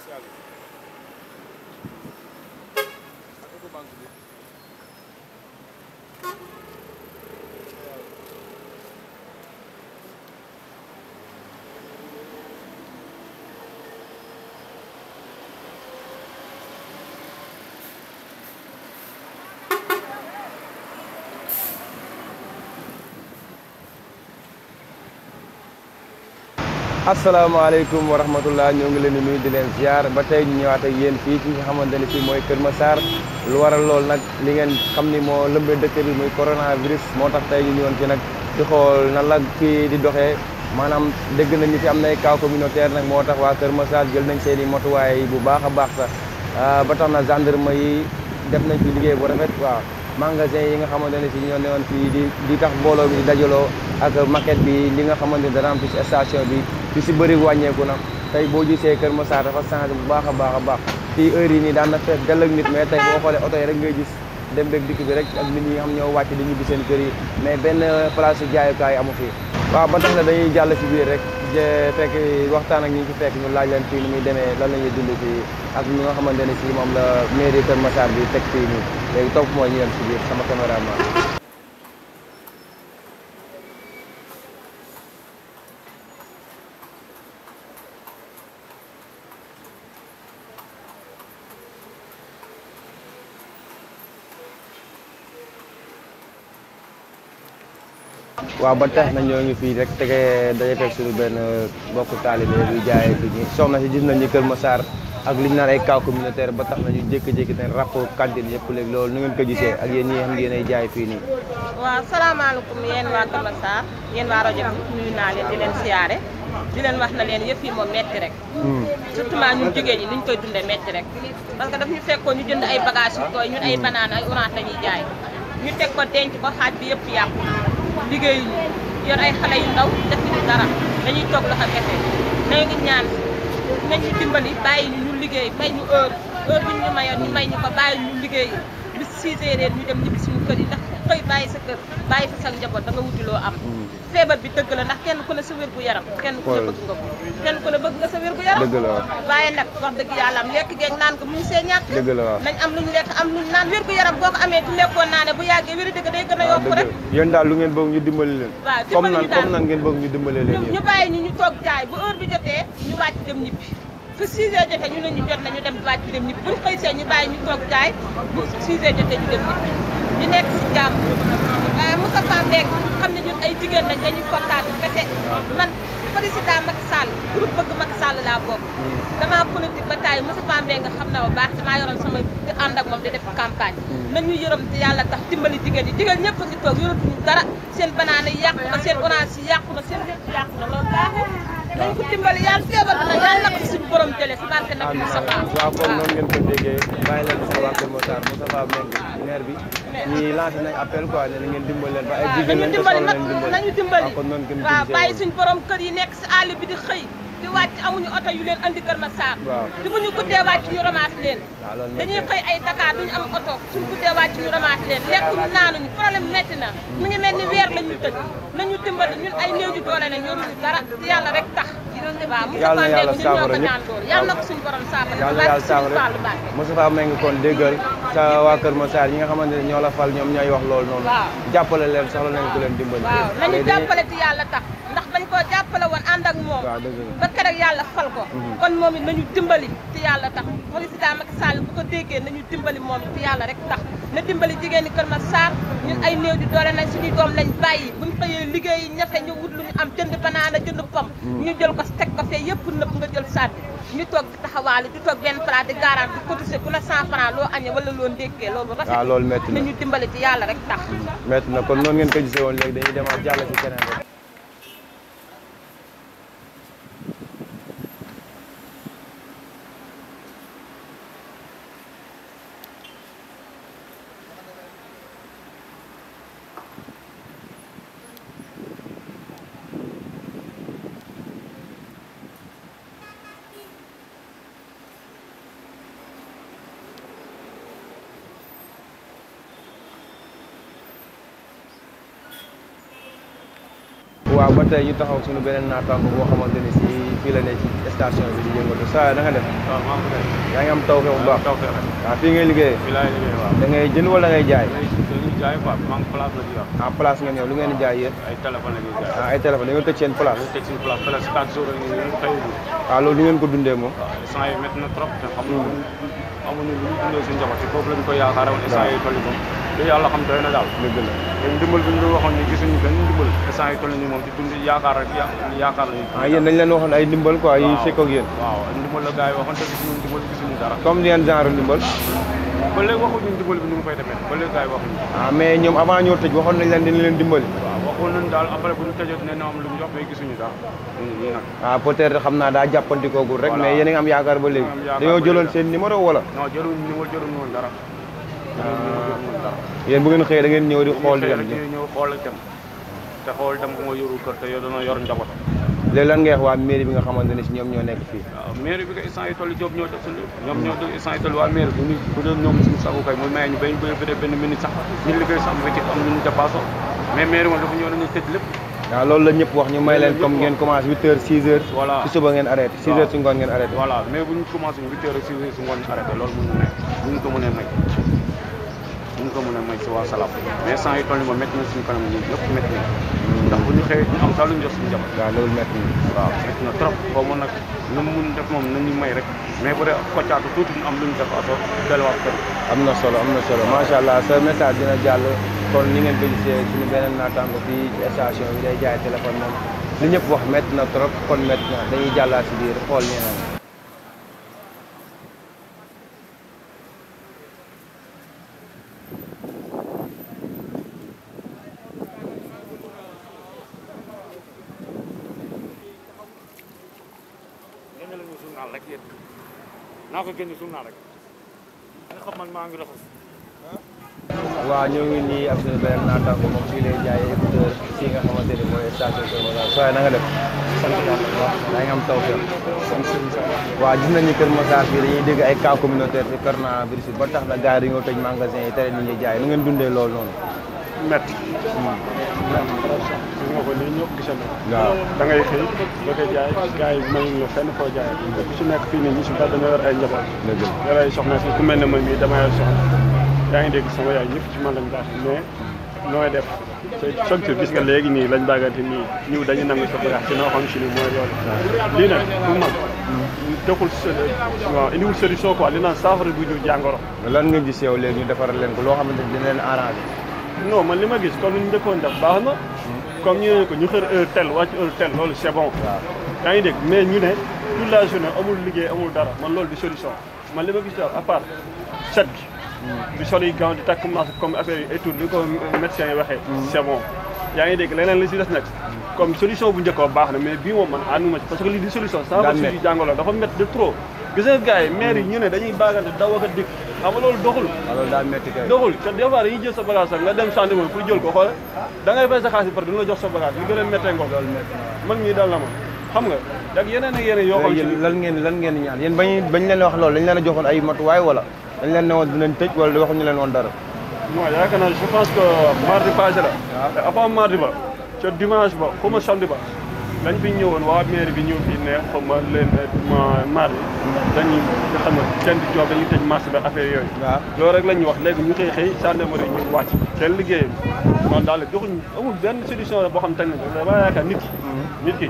comerciales. Acá tu banco, ¿eh? asalaamaaleykum wa rahmatullah ñoo ngi leen di nuyu di leen ziar ba tey ñu ñëwaat ak yéen fii ci nga xamante ne fii mooy Kër ma Massar lu waral lool nag li ngeen xam ni moo lëmbee dëkk bi muy coronavirus moo tax tey ñu ñëwoon ci nag di xool nan la kii di doxee maanaam dégg nañu fi am nay cas communautaire nag moo tax waa Kër Massar nañ seen i bu baax a baax sax ah, ba tax na gendarme yi def nañ fi liggéey bu rafet waaw magasin yi nga xamante ne si ñoo newoon fii di di tax mbooloo bi di dajaloo ak maquette bi li nga xamante ne dana am ci station bi lu si bëri wàññeeku na tey boo gisee Kër Massar dafa changé bu baax a baax a baax fii heure yi nii daan na fees dell ak nit mais tey boo xoolee oto yi rek ngay gis dem beeg dikk rek ak nit ñi nga xam ñoo wàcc di ñibbi seen kër yi mais benn place jaayukaay amu fi. waaw ba na dañuy jàll si biir rek je fekk waxtaan ak ñi ci fekk ñu laaj leen fii ni muy demee lan la ñuy fii ak ñi nga xamante ne si moom la mairie Kër Massar bi teg fii nii léegi topp mooy ñu yem si biir sama caméraman waaw ba tax na ñoo ngi fii rek tegee daje fekk suñu benn mbokku taalibe buy jaayee nii soxna si gis nañu Kër Massar ak li ñu naan ay cas communautaire ba tax na ñu jékki-jékki ne rapport cantine yëpp léegi ngeen ko gisee ak yéen ñi nga jaay fii nii. naa leen siyaare di leen wax na leen yëf yi moom metti rek. Hmm. surtout ñun jigéen ñi hmm. ñu teg ko denc ko xaaj bi yëpp yàqu liggéeyuñu yor ay xale yu ndaw defuñu dara dañuy toog loxo kese nañu ngi ñaan nañ ñu dimbali bàyyi ñu liggéey may ñu heure heure bu ñu mayoon ñu may ñu ko bàyyi ñu liggéey bis 6 heures ñu dem ñibbi suñu kër yi ndax xëy bàyyi sa kër bàyyi fa njaboot da nga am. feebar bi dëgg la ndax kenn ku ne sa wér gu yaram kenn ku ne bëgg sa wér gu yaram waaye nag wax dëgg yàlla am lekk geeg naan ko muñ see ñàkk nañ am luñ lekk am naan wér gu yaram boo amee tu lekkoo naane bu yàggee wér dëgg day gën a yokk rek yéen daal lu ngeen bëgg ñu dimbali leen waaw comme nan comme nan ngeen bëgg ñu dimbali leen ñu bàyyi ñu ñu toog jaay bu heure bi jotee ñu wàcc dem ñibbi bu 6 jotee ñu ne ñu jot nañu dem ay jigéen lañ dañuy kontaan kese man président Macky Sall groupe bëgg Macky Sall laa bokk damaa politique ba taay Moustapha Mbengue nga xam na bu baax damaa yoroon sama di ànd ak moom di def campagne mm. nañu yërëm te yàlla tax dimbali jigéen yi jigéen ñëpp ngi toog yoratuñu dara seen banaana yàqu na seen orange yi yàqu na seen lépp yàqu na loolu baaxul dañ ko dimbali yàlla feebar bi nag yàlla na ko suñu borom jëlee si barke nag Moustapha waaw kon noonu ngeen ko déggee bàyyi leen sama waa Kër Massar bi ñi lancé nañ appel quoi ne ngeen dimbali leen ba ay jigéen lañ ko soxla nañu dimbali nañu dimbali waaw kon noonu di wàcc amuñu oto yu leen andi Kër Massar di bu ñu guddee wàcc ñu ramaas leen dañuy xëy ay Dakar am oto suñ guddee wàcc ñu ramaas leen lekkuñu naanuñu problème metti mu ngi mel weer lañu tëj nañu dimbali ñun ay néew doole ne dara ci yàlla rek tax yàlla na yàlla saafara ñëpp yàlla na ko kon déggal sa waa Kër Massar yi nga xamante ne ñoo la fal ñoom ñooy wax loolu noonu jàppale leen soxla nañ ko leen dimbali nañu jàppale ci yàlla tax dañ ko jàppale woon ànd ak moom ba keroog yàlla fal ko mhm. kon moom it nañu dimbali te yàlla tax président Macky Sall bu ko déggee nañu dimbali moom it yàlla rek tax na dimbali jigéen ñi Kër Massar ñun ay néew di doole nañ ci mhm. ah, yàlla rek tax métti mhm. na kon noonu ngeen ko gisee woon léegi demaat jàll ci keneen rek waaw ba tey ñu taxaw suñu beneen naataango boo xamante ni si fii ne ci station bi di yëngatu saa na nga yaa ngi am tawfeex bu baax. tawfeex rek waaw fii ngay liggéeyee. fii ngay jënd wala da ngay jaay. dañuy jaay quoi maa ngi place ah, di jaay ay téléphone la ñuy jaay. ah ay téléphone dañoo place. dañoo ah, loolu ngeen ko dundee moom. waaw sang na trop te xam nga amuñu hmm. lu ñu foofu lañ ko yaakaar woon sang yi toll moom li yàlla xam doy na daal dëgg la léegi ndimbal bi ñu waxoon ni gisuñu benn ndimbal instant yi toll nii moom ci dund yaakaar rek yaakaar lañu ah yéen dañ leen waxoon ay ndimbal quoi yi fekk ak yéen waaw ndimbal la gars yi waxoon te gisuñu ndimbal gisuñu dara comme yan genre ndimbal ah. ba léegi waxuñu ndimbal bi ni mu fay demee ba léegi gars yi waxuñu ah mais ñoom avant ñoo tëj waxoon nañ leen dañ leen dimbali waaw waxoon nañ daal après bu ñu tëjoon ne na am lu ñu jox mais gisuñu dara ñii nag ah peut-être xam naa daa jàppandikoogul rek mais yéen a ngi am yaakaar ba léegi dañoo jëloon seen numéro wala non jëluñ numéro jëluñ woon dara yéen bu ngeen xëyee da ngeen ñëw di xool di dem ñëw xool ak dem te xool dem ku ma kër te yow njaboot léegi lan ngay waa mairie bi nga xamante ne si ñoom ñoo nekk fii mairie bi ko instant ñoo def suñu ñoom ñoo def instant yi toll wax ñu may leen comme ngeen commencé huit heures si suba ngeen arrêté si ngoon ngeen arrêté mais bu ñu ko mën a may si waa Salam mais sans yu toll nii moom métti na suñu kanam ñun ñëpp métti na ndax trop xaw ma nag nu mun def moom nañu may rek mais bu dee koccaatu tuuti ñu am lu ñu def oto delluwaat kër am na solo am na solo macha allah sa message dina jàll kon ni ngeen ko gisee suñu beneen naataango fii station yi day jaay téléphone moom li ñëpp wax métti na trop kon métti dañuy jàllaat si biir xool ñeneen naa ko génne suñu naa rek nga xam man maa ngi raxas. ñoo ngi nii ak suñu benn moom fii lay jaayee écouteur fii nga xamante ni mooy station Kër Masar na nga def. sant yàlla waaw daa ngi am waa sant waaw gis nañu Kër Masar fii dañuy dégg ay cas communautaire ci coronavirus ba tax na gars yi dañoo tëj magasin yi tere nit ñi jaay nu ngeen dundee loolu noonu. métti. Hmm. ko nii ñoo ko gisandoo. waaw da ngay xëy ba koy jaay gars yi mayuñu la fenn foo jaay. te ku ci nekk fii nii ñu si bari dañoo yor ay njaboot. dëgg la yor ay soxna si ku mel ne man mii dama yor soxna yaa ngi dégg sama yaay ñëpp ci man lañ baax mais nooy def. chaque jour gis nga léegi nii lañ bàggante nii ñëw dañu nangu sa bagage ci noo xam si ni mooy loolu lii nag bu mag doxul waaw indiwul solution quoi li naan saafara bu jur jàngoro lan nga gis yow léegi ñu defaral leen ko loo xamante ni dina leen arrangé non man li ma gis comme ni ñu njëkkoon def baax na comme ñu ne ko ñu xër heure tel wàcc heure tel loolu c'est yaa ngi dégg mais ñu ne toute la journée amul liggéey amul dara man loolu di solution man li ma gis daal à part set gi. di sol yi gaaw di takk comme affaire yi et ni ko médecins yi waxee. c'est bon yaa ngi dégg leneen li si des nag. comme solution bu njëkkoon baax na mais bii moom man ànduma ci parce que lii di solution. daan métti sans que dafa métti de trop. gis nga gars yi ñu ne dañuy baagante daw ak a dikk. xam loolu doxul. waaw ah, loolu daal métti kay. doxul te des fois dañuy jël sa bagage dem sànni moom pour jël ko xool da ngay fay par du la jox sa bagage li gën a méttee ngoog. man mii dal na ma xam nga. ak yeneen ak yeneen yoo xam lan ngeen lan ngeen ñaan yéen bañ bañ leen wax loolu dañ leen a joxoon ay matuwaay wala dañ leen ne woon dinañ tëj wala waxuñu leen woon dara. non yaakaar naa je pense que mardi passé la. waaw ah. te avant ba ca dimanche ba xuma samedi ba dañ fi ñëwoon waa mairie bi ñu fi ne xaw ma leen mardi dañuy nga xam ne kenn di joob dañuy tëj marché bi affaire yooyu waaw loolu rek la ñuy wax léegi ñu xëy xëy gendarmerie ñu wàcc seen liggéeyam noonu daal joxuñ amul benn solution boo xam te ne dama yaakaar nit ki nit ki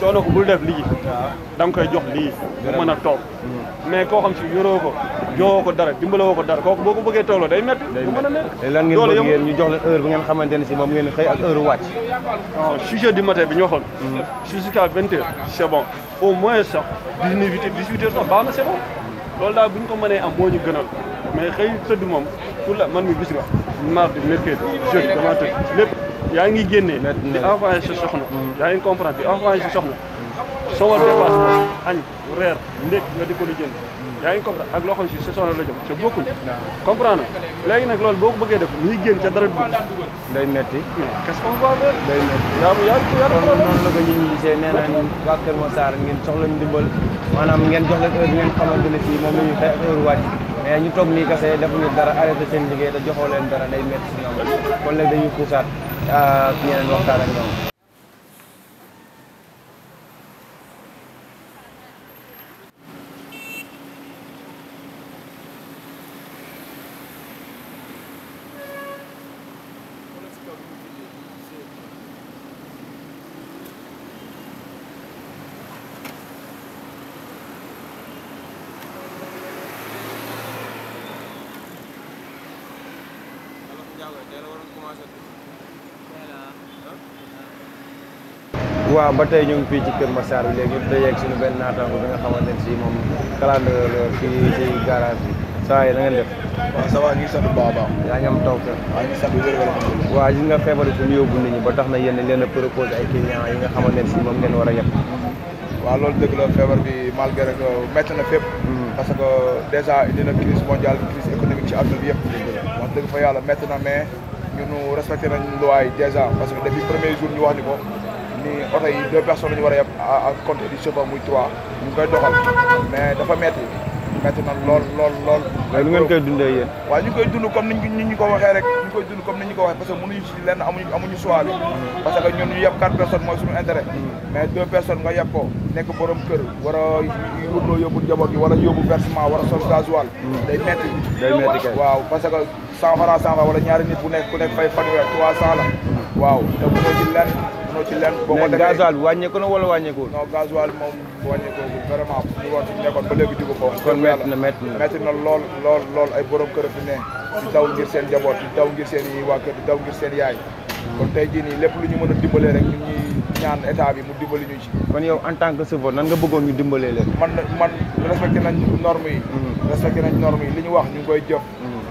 soo ko bul def lii da nga koy jox lii bu a toog mm. mais koo xam si yoroo ko joxoo ko dara dimbalawoo ko dara kooku boo ko bëggee tooloo day métti du mën a métti lan ngeen bëgg yéen ñu jox leen heure bi ngeen xamante ne si moom ngeen xëy ak heure wàcc six heures du matin bi ñu waxoon mm. jusqu'à vingt heures c'est bon sax dix-neuf heures dix sax baax na c'est bon loolu daal bu ñu ko mënee am moo ñu gënal mais xëy tëdd moom pour la man mi gis nga mardi mercredi jeudi dama tëdd lépp yaa ngi génnee di envoyé sa soxna yaa ngi comprendre di envoyé sa soxna sowal dépasse añ reer ndéeg nga di ko lu jënd yaa ngi comprendre ak loo xam si sa soxna la jëm sa bokkul comprendre léegi nag loolu boo ko bëggee def muy génn ca dara dugg day metti qu'est-ce qu'on va faire day metti yaa yaa noonu la ko ñu ñu gisee nee naa ni waa Kër Massar ngeen soxla ndimbal maanaam ngeen jox leen heure ngeen xamante ne fii moom la ñu fay heure wàcc mais ñu toog nii kese defuñu dara arrêté seen liggéey te joxoo leen dara day metti si ñoom kon léegi dañuy xuusaat uh, ah, pinanong karang waaw ba tey ñu ngi fii ci Kër Massar bi léegi ñu dajeeg suñu benn naataango bi nga xamante ne si moom calendrier da fii ci garage bi yi na ngeen def. waaw ça ñu ngi sant bu baax a baax. yaa ngi am taw kër. waaw ñu nga feebar bi fi mu yóbbu ba tax na yéen leen a proposé ay clients yi nga xamante ne si moom ngeen war a yeb. waaw loolu dëgg la feebar bi malgré que métti na fépp. Hmm. parce que déjà indi na crise mondiale crise économique ci àdduna bi yàlla métti na mais ñun respecté nañ loi yi déjà que depuis premier jour wax ni ko. ni oto yi deux personnes ñu war a yeb à compte du muy trois ñu koy doxal mais dafa metti metti na lool lool lool. mais lu ngeen koy dundee yéen. waaw ñu koy dund comme ni ñu ko waxee rek ñu koy dund comme ni ñu ko waxee parce que mënuñu si lenn amuñu amuñu choix bi. Mm-hmm. parce que ñun ñu personnes mooy suñu intérêt. Mm-hmm. mais deux personnes nga yeb nekk borom kër war a yóbbu yóbbu njaboot gi wala yóbbu versement mm-hmm. day metti waaw parce que cent francs cent francs wala ñaari nekk ku nekk fay la. waaw te mënoo ci lenn mënoo ci lenn. boo ko tegee mais gasoil bi wàññeeku na wala wàññeekuwul. non gasoil moom wàññeekoo vraiment ñu war fi ñu nekkoon ba léegi dugg ko. kon métti na métti na métti na lool lool lool ay borom kër fi ne di daw ngir seen jaboot di taw ngir seen yi waa kër di taw ngir seen yaay. kon tey jii nii lépp lu ñu mën a dimbalee rek ñun ñuy ñaan état bi mu dimbali ñu ci. kon yow en tant que chauffeur nan nga bëggoon ñu dimbalee leen. man man respecté nañ normes yi. Mm-hmm. nañ normes yi li ñu wax ñu ngi koy jëf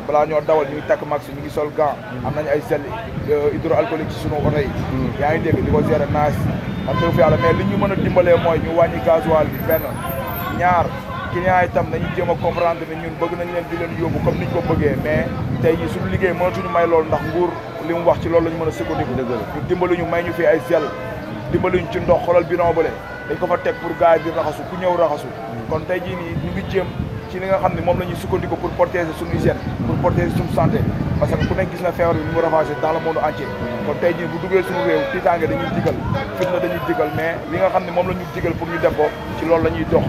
balaa ñoo dawal ñuy takk max ñu ngi sol gant am nañ ay sel euh, hydroalcoolique ci sunu oto yi mm. yaa ngi dégg di ko gérer naas wax dëgg fi yàlla mais li ñu mën a dimbalee mooy ñu wàññi gasoil bi benn ñaar clients yi tam nañu jéem a comprendre ne ñun bëgg nañ leen di leen yóbbu comme niñ ko bëggee mais tey jii suñu liggéey mënatuñu may loolu ndax nguur li mu wax ci loolu la ñu mën a sukkandiku ñu dimbaluñu may ñu fii ay gel dimbaluñu ci ndox xoolal bidon bële dañ ko fa teg pour gars yi di ku ñëw raxasu mm. kon tey jii nii ñu ngi jéem ci li nga xam ne moom la ñuy sukkandiku pour protéger suñu hygiène pour protéger suñu santé parce que ku nekk gis na feebar bi mu ravagé dans le monde entier kon tey jii bu duggee suñu réew tiitaange dañuy digal fitna dañuy digal mais li nga xam ne moom la ñu digal pour ñu def ko ci loolu la ñuy dox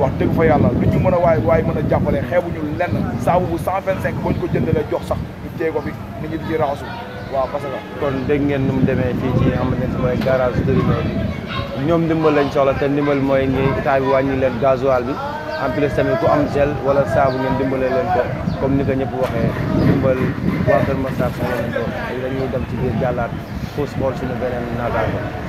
wax dëgg fa yàlla lu ñu mën a waay waaye mën a jàppale xeebuñu lenn saabu bu jox sax ñu téye ko fi nit ñi di ci raxasu waaw ngeen nu mu demee fii ci xamante ne mooy garage Derrière bi ñoom ndimbal lañ soxla te ndimbal mooy bi en plus tamit ku am gel wala saabu ngeen dimbale leen ko comme ni ko ñëpp waxee dimbal waa Kër Massar soxla nañ ko dañuy dem ci biir jàllaat pour xool suñu beneen naataango